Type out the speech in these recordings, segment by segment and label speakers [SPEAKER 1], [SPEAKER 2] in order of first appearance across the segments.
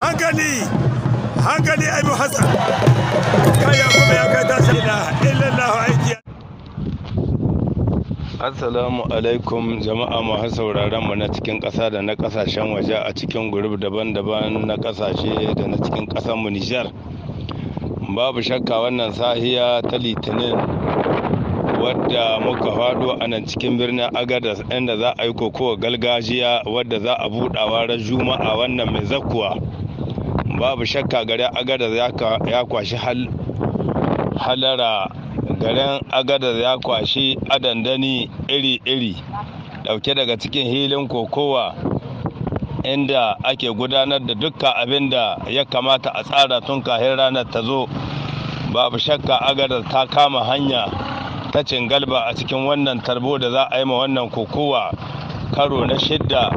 [SPEAKER 1] hankali hankali abu hassan kaya kuma ya kai tashi ila illallahu aiki Assalamu alaikum jama'a masu sauraron mu na cikin ƙasa da na ƙasashen waje a cikin gurub daban-daban na ƙasashe da na cikin ƙasar mu Nijar. Babu shakka wannan sahiya ta Litinin wadda muka faɗo a nan cikin birnin Agadas inda za a yi kokowa galgajiya wadda za a buɗawa ran Juma'a wannan mai zakuwa. babu shakka gare agadar ya kwashi halara garin agadar ya kwashi adandani iri-iri dauke daga cikin hilin kokowa inda ake gudanar da dukkan abinda ya kamata a tsara tun kahin ranar ta zo babu shakka agadar ta kama hanya ta galba a cikin wannan tarbo da za a yi ma wannan kokowa karo na shidda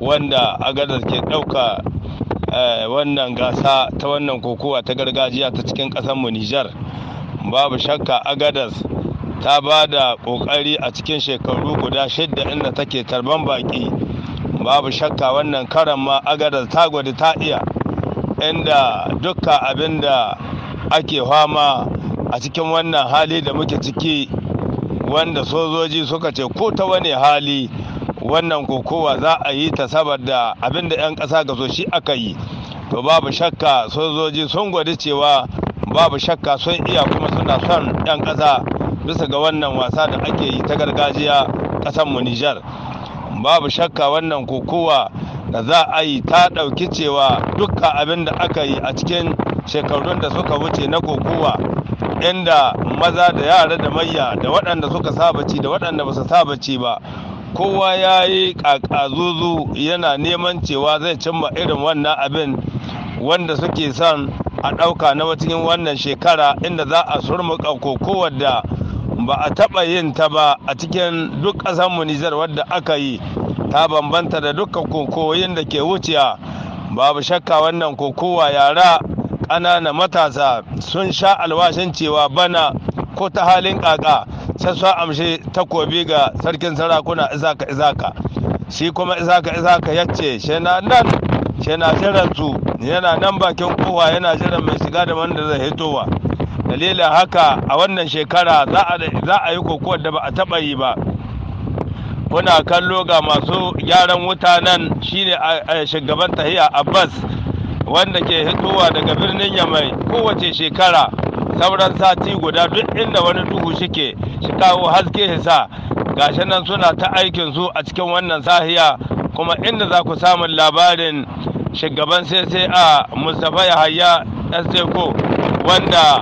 [SPEAKER 1] wanda agadar ke dauka. Eh, wannan gasa ta wannan kokowa ta gargajiya ta cikin mu Nijar babu shakka agadas ta ba da ƙoƙari a cikin shekaru guda shidda inda take tarban baƙi babu shakka wannan karan ma agadas ta gwada ta iya inda dukka abinda da ake fama a cikin wannan hali da muke ciki wanda sojoji suka ce ko ta wani hali wannan kokowa za a yi ta saboda abin da 'yan ƙasa ga shi aka yi to babu shakka sojoji sun gwada cewa babu shakka sun iya kuma suna son 'yan ƙasa bisa ga wannan wasa da ake yi ta gargajiya mu nijar babu shakka wannan kokowa da za a yi ta ɗauki cewa dukkan abin da aka yi a cikin shekarun da suka wuce na kokowa inda maza da yara da mayya da waɗanda suka saba da waɗanda ba su saba ba kowa ya yi ƙaƙazuzu yana neman cewa zai cimma irin wannan abin wanda suke son a ɗauka na cikin wannan shekara inda za a surmuka koko da ba a taɓa yin ta ba a cikin duk ƙasarmu nijar wadda aka yi ta bambanta da dukkan kokoyin da ke wuciya babu shakka wannan kokowa yara ƙanana matasa sun sha alwashin cewa bana ko ta halin kaka sai sun amshi takobi ga sarkin sarakuna izaka izaka shi kuma izaka izaka ya ce shena nan shena jiran su yana nan bakin kowa yana jiran mai shiga da wanda zai hitowa dalilin haka a wannan shekara za a yi kokowar da ba a taɓa yi ba kuna kallo ga masu gyaran wuta nan shine shugaban tahiya abbas wanda ke hitowa daga birnin yamai kowace shekara sauran sati guda duk inda wani duhu shike shi kawo haske shi sa gashi nan suna ta aikin su a cikin wannan sahiya kuma inda za ku samun labarin shugaban sai a mustapha yahaya sdeko wanda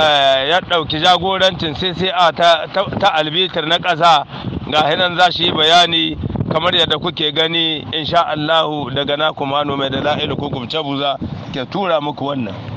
[SPEAKER 1] eh, ya ɗauki jagorancin cca ta albitar na ƙasa ga hinan za shi yi bayani kamar yadda kuke gani insha Allahu daga na kumano mai da la'ilu ko gumce buza ke tura muku wannan